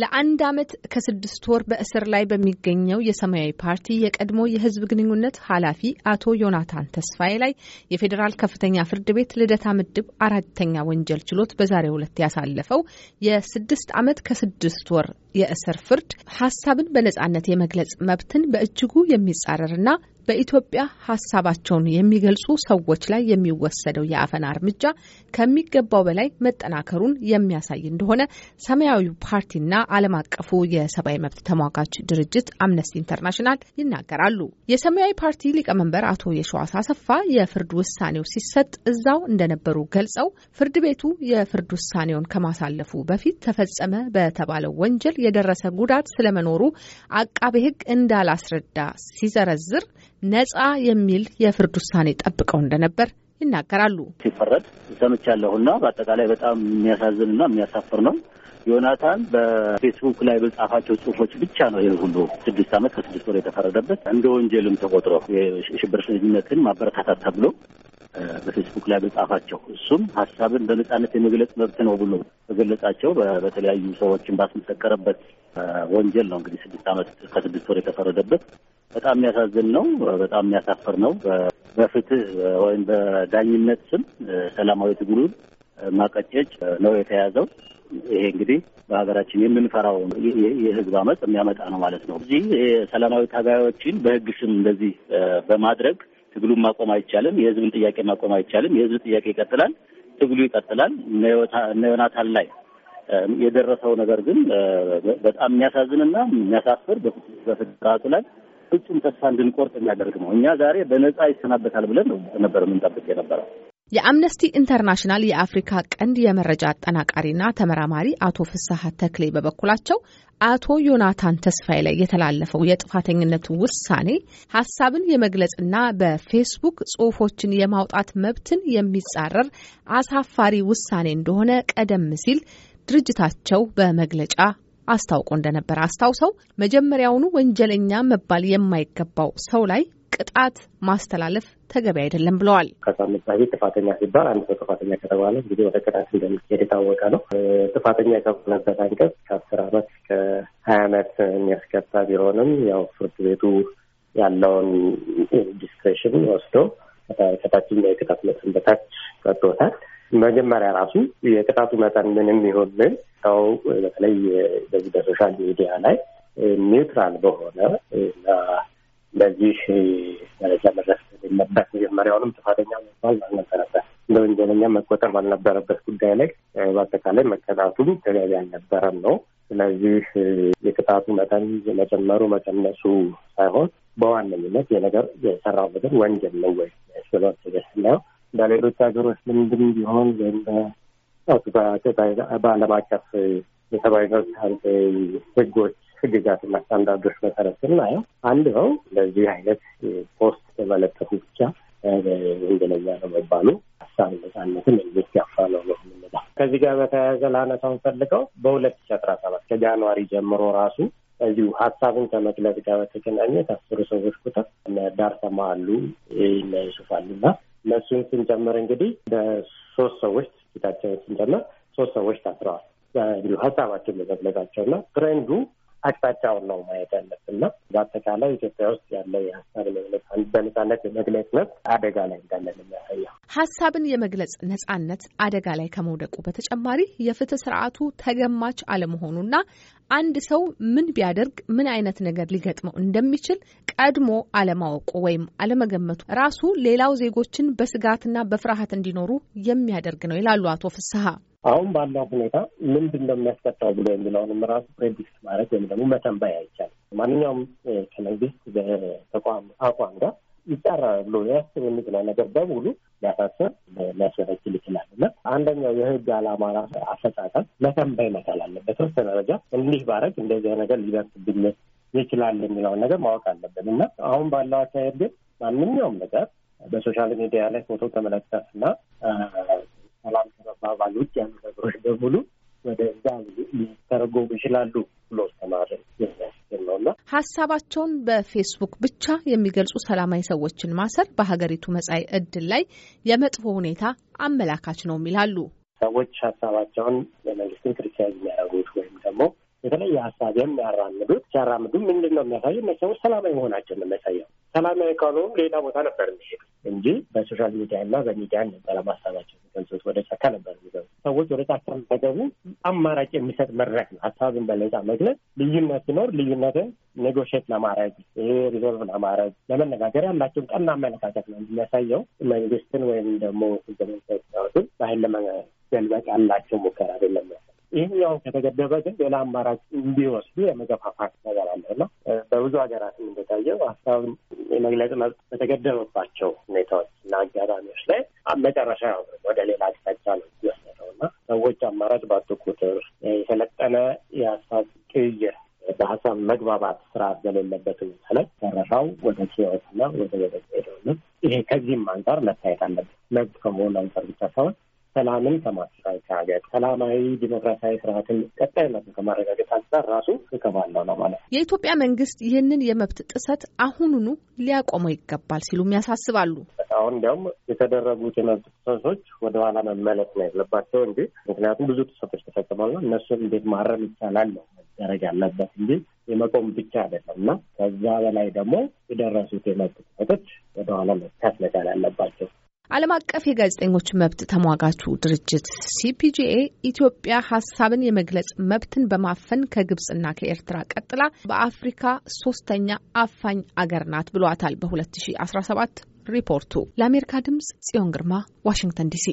ለአንድ ዓመት ከስድስት ወር በእስር ላይ በሚገኘው የሰማያዊ ፓርቲ የቀድሞ የሕዝብ ግንኙነት ኃላፊ አቶ ዮናታን ተስፋዬ ላይ የፌዴራል ከፍተኛ ፍርድ ቤት ልደታ ምድብ አራተኛ ወንጀል ችሎት በዛሬው ዕለት ያሳለፈው የስድስት ዓመት ከስድስት ወር የእስር ፍርድ ሀሳብን በነጻነት የመግለጽ መብትን በእጅጉ የሚጻረርና በኢትዮጵያ ሀሳባቸውን የሚገልጹ ሰዎች ላይ የሚወሰደው የአፈና እርምጃ ከሚገባው በላይ መጠናከሩን የሚያሳይ እንደሆነ ሰማያዊ ፓርቲና ዓለም አቀፉ የሰብአዊ መብት ተሟጋች ድርጅት አምነስቲ ኢንተርናሽናል ይናገራሉ። የሰማያዊ ፓርቲ ሊቀመንበር አቶ የሸዋስ አሰፋ የፍርድ ውሳኔው ሲሰጥ እዛው እንደነበሩ ገልጸው ፍርድ ቤቱ የፍርድ ውሳኔውን ከማሳለፉ በፊት ተፈጸመ በተባለው ወንጀል የደረሰ ጉዳት ስለመኖሩ አቃቤ ሕግ እንዳላስረዳ ሲዘረዝር ነጻ የሚል የፍርድ ውሳኔ ጠብቀው እንደነበር ይናገራሉ። ሲፈረድ ሰምቻለሁና በአጠቃላይ በጣም የሚያሳዝንና የሚያሳፍር ነው። ዮናታን በፌስቡክ ላይ በጻፋቸው ጽሁፎች ብቻ ነው ይህ ሁሉ ስድስት ዓመት ከስድስት ወር የተፈረደበት እንደ ወንጀልም ተቆጥሮ የሽብርተኝነትን ማበረታታት ተብሎ በፌስቡክ ላይ በጻፋቸው እሱም ሀሳብን በነጻነት የመግለጽ መብት ነው ብሎ በገለጻቸው በተለያዩ ሰዎችን ባስመሰከረበት ወንጀል ነው እንግዲህ ስድስት ዓመት ከስድስት ወር የተፈረደበት። በጣም የሚያሳዝን ነው። በጣም የሚያሳፍር ነው። በፍትህ ወይም በዳኝነት ስም ሰላማዊ ትግሉን ማቀጨጭ ነው የተያዘው። ይሄ እንግዲህ በሀገራችን የምንፈራው የህዝብ አመፅ የሚያመጣ ነው ማለት ነው። እዚህ ሰላማዊ ታጋዮችን በህግ ስም እንደዚህ በማድረግ ትግሉን ማቆም አይቻልም። የህዝብን ጥያቄ ማቆም አይቻልም። የህዝብ ጥያቄ ይቀጥላል። ትግሉ ይቀጥላል። እነ ዮናታን ላይ የደረሰው ነገር ግን በጣም የሚያሳዝንና የሚያሳፍር በፍቃቱ ላይ ፍጹም ተስፋ እንድንቆርጥ የሚያደርግ ነው። እኛ ዛሬ በነፃ ይሰናበታል ብለን ነበር የምንጠብቅ የነበረው። የአምነስቲ ኢንተርናሽናል የአፍሪካ ቀንድ የመረጃ አጠናቃሪና ተመራማሪ አቶ ፍስሐ ተክሌ በበኩላቸው አቶ ዮናታን ተስፋዬ ላይ የተላለፈው የጥፋተኝነት ውሳኔ ሀሳብን የመግለጽና በፌስቡክ ጽሁፎችን የማውጣት መብትን የሚጻረር አሳፋሪ ውሳኔ እንደሆነ ቀደም ሲል ድርጅታቸው በመግለጫ አስታውቆ እንደነበረ አስታውሰው መጀመሪያውኑ ወንጀለኛ መባል የማይገባው ሰው ላይ ቅጣት ማስተላለፍ ተገቢ አይደለም ብለዋል። ከሳምንታዊ ጥፋተኛ ሲባል አንድ ሰው ጥፋተኛ ከተባለ እንግዲህ ወደ ቅጣት እንደሚሄድ የታወቀ ነው። ጥፋተኛ ከሆነበት አንቀጽ ከአስር አመት ከሀያ አመት የሚያስከታ ቢሆንም ያው ፍርድ ቤቱ ያለውን ዲስክሬሽን ወስዶ ከታችኛ የቅጣት መጠን በታች ቀጥቶታል። መጀመሪያ ራሱ የቅጣቱ መጠን ምንም ይሁን ምን ሰው በተለይ በዚህ በሶሻል ሚዲያ ላይ ኒውትራል በሆነ ለዚህ ደረጃ መድረስ ነበር። መጀመሪያውንም ጥፋተኛ መባል አልነበረበት፣ እንደ ወንጀለኛ መቆጠር ባልነበረበት ጉዳይ ላይ በአጠቃላይ መቀጣቱም ተገቢ አልነበረም ነው። ስለዚህ የቅጣቱ መጠን መጨመሩ መቀነሱ ሳይሆን በዋነኝነት የነገር የሰራው ነገር ወንጀል ነው ወይ ስበት ስናየው በሌሎች ሀገሮች ልምድም ቢሆን ወይም በዓለም አቀፍ የሰብአዊ መብት ሕጎች ህግጋትና ስታንዳርዶች መሰረት ስናየው አንድ ሰው ለዚህ አይነት ፖስት በመለጠፉ ብቻ ወንጀለኛ ነው መባሉ ሀሳብ ነጻነትን የሚጋፋ ነው ነው የምንለው። ከዚህ ጋር በተያያዘ ላነሳው ፈልገው በሁለት ሺ አስራ ሰባት ከጃንዋሪ ጀምሮ ራሱ እዚሁ ሀሳብን ከመግለጽ ጋር በተገናኘ የታሰሩ ሰዎች ቁጥር ዳርሰማ አሉ እና ዩሱፍ አሉ እና እነሱን ስንጨምር እንግዲህ በሶስት ሰዎች ጌታቸውን ስንጨምር ሶስት ሰዎች ታስረዋል። እንዲሁ ሀሳባቸውን በመግለጻቸው እና ትሬንዱ አቅጣጫውን ነው ማየት ያለብን እና በአጠቃላይ ኢትዮጵያ ውስጥ ያለው የሀሳብ መግለጽ በነጻነት የመግለጽ መብት አደጋ ላይ እንዳለን የሚያሳየው ሀሳብን የመግለጽ ነጻነት አደጋ ላይ ከመውደቁ በተጨማሪ የፍትህ ስርዓቱ ተገማች አለመሆኑና አንድ ሰው ምን ቢያደርግ ምን አይነት ነገር ሊገጥመው እንደሚችል ቀድሞ አለማወቁ ወይም አለመገመቱ ራሱ ሌላው ዜጎችን በስጋትና በፍርሃት እንዲኖሩ የሚያደርግ ነው ይላሉ አቶ ፍስሀ። አሁን ባለው ሁኔታ ምንድን ነው የሚያስቀጣው ብሎ የሚለውንም ራሱ ፕሬዲክት ማድረግ ወይም ደግሞ መተንበይ አይቻልም። ማንኛውም ከመንግስት በተቋም አቋም ጋር ይጻራል ብሎ ያስብ የሚችለው ነገር በሙሉ ሊያሳስብ ሊያስበረችል ይችላል እና አንደኛው የህግ አላማ ራሱ አፈጻጸም መተንበይ መቻል አለበት። ተወሰነ ደረጃ እንዲህ ባረግ እንደዚህ ነገር ሊደርስብኝ ይችላል የሚለውን ነገር ማወቅ አለብን እና አሁን ባለው አካሄድ ግን ማንኛውም ነገር በሶሻል ሚዲያ ላይ ፎቶ ተመለከት ተመለከትና ሰላም ከመባባል ውጭ ያሉ ነገሮች በሙሉ እዛ ሊተረጎሙ ይችላሉ ብሎ ተማር የሚያስችል ሀሳባቸውን በፌስቡክ ብቻ የሚገልጹ ሰላማዊ ሰዎችን ማሰር በሀገሪቱ መጻኢ እድል ላይ የመጥፎ ሁኔታ አመላካች ነው ይላሉ። ሰዎች ሀሳባቸውን ለመንግስትን ክርስቲያን የሚያደርጉት ወይም ደግሞ የተለየ ሀሳብ የሚያራምዱት ሲያራምዱ ምንድን ነው የሚያሳየው? እነዚህ ሰዎች ሰላማዊ መሆናቸውን የሚያሳየው። ሰላማዊ ካልሆኑ ሌላ ቦታ ነበር የሚሄዱ እንጂ በሶሻል ሚዲያ እና በሚዲያ ነበረ ማሳባቸው ልጆች ወደ ጫካ ነበር የሚገቡ። ሰዎች ወደ ጫካ እንዳይገቡ አማራጭ የሚሰጥ መድረክ ነው። ሀሳብን በነጻ መግለጽ፣ ልዩነት ሲኖር ልዩነትን ኔጎሽት ለማድረግ ይሄ ሪዞልቭ ለማድረግ ለመነጋገር ያላቸውን ቀና አመለካከት ነው የሚያሳየው። መንግስትን ወይም ደግሞ ህገ መንግስት ሲያወጡን ለመገልበጥ ያላቸው ሙከራ አይደለም። ይህኛውን ከተገደበ ግን ሌላ አማራጭ እንዲወስዱ የመገፋፋት ነገር አለ እና በብዙ ሀገራትም እንደታየው ሀሳብን የመግለጽ መብት በተገደበባቸው ሁኔታዎች እና አጋጣሚዎች ላይ መጨረሻ ወደ ሌላ አቅጣጫ ነው የወሰደው እና ሰዎች አማራጭ ባጡ ቁጥር የሰለጠነ የሀሳብ ቅይር በሀሳብ መግባባት ስርዓት በሌለበት ሰለት ላይ መጨረሻው ወደ ኪወትና ወደ ወደ ሄደውንም ይሄ ከዚህም አንጻር መታየት አለበት። መብት ከመሆን አንጻር ብቻ ሳይሆን ሰላምን ከማረጋገጥ ሰላማዊ ዲሞክራሲያዊ ስርዓትን ቀጣይነትን ከማረጋገጥ አንጻር ራሱ እከባለው ነው ማለት ነው። የኢትዮጵያ መንግስት ይህንን የመብት ጥሰት አሁኑኑ ሊያቆመው ይገባል ሲሉም ያሳስባሉ። አሁን እንዲያውም የተደረጉት የመብት ጥሰቶች ወደኋላ መመለስ ነው ያለባቸው እንጂ ምክንያቱም ብዙ ጥሰቶች ተፈጽመዋልና እነሱን እንዴት ማረም ይቻላል ነው መደረግ ያለበት እንጂ የመቆም ብቻ አይደለም እና ከዛ በላይ ደግሞ የደረሱት የመብት ጥሰቶች ወደኋላ መካት መቻል ያለባቸው ዓለም አቀፍ የጋዜጠኞች መብት ተሟጋቹ ድርጅት ሲፒጂኤ ኢትዮጵያ ሀሳብን የመግለጽ መብትን በማፈን ከግብጽና ከኤርትራ ቀጥላ በአፍሪካ ሶስተኛ አፋኝ አገር ናት ብሏታል በ2017 ሪፖርቱ። ለአሜሪካ ድምጽ ጽዮን ግርማ ዋሽንግተን ዲሲ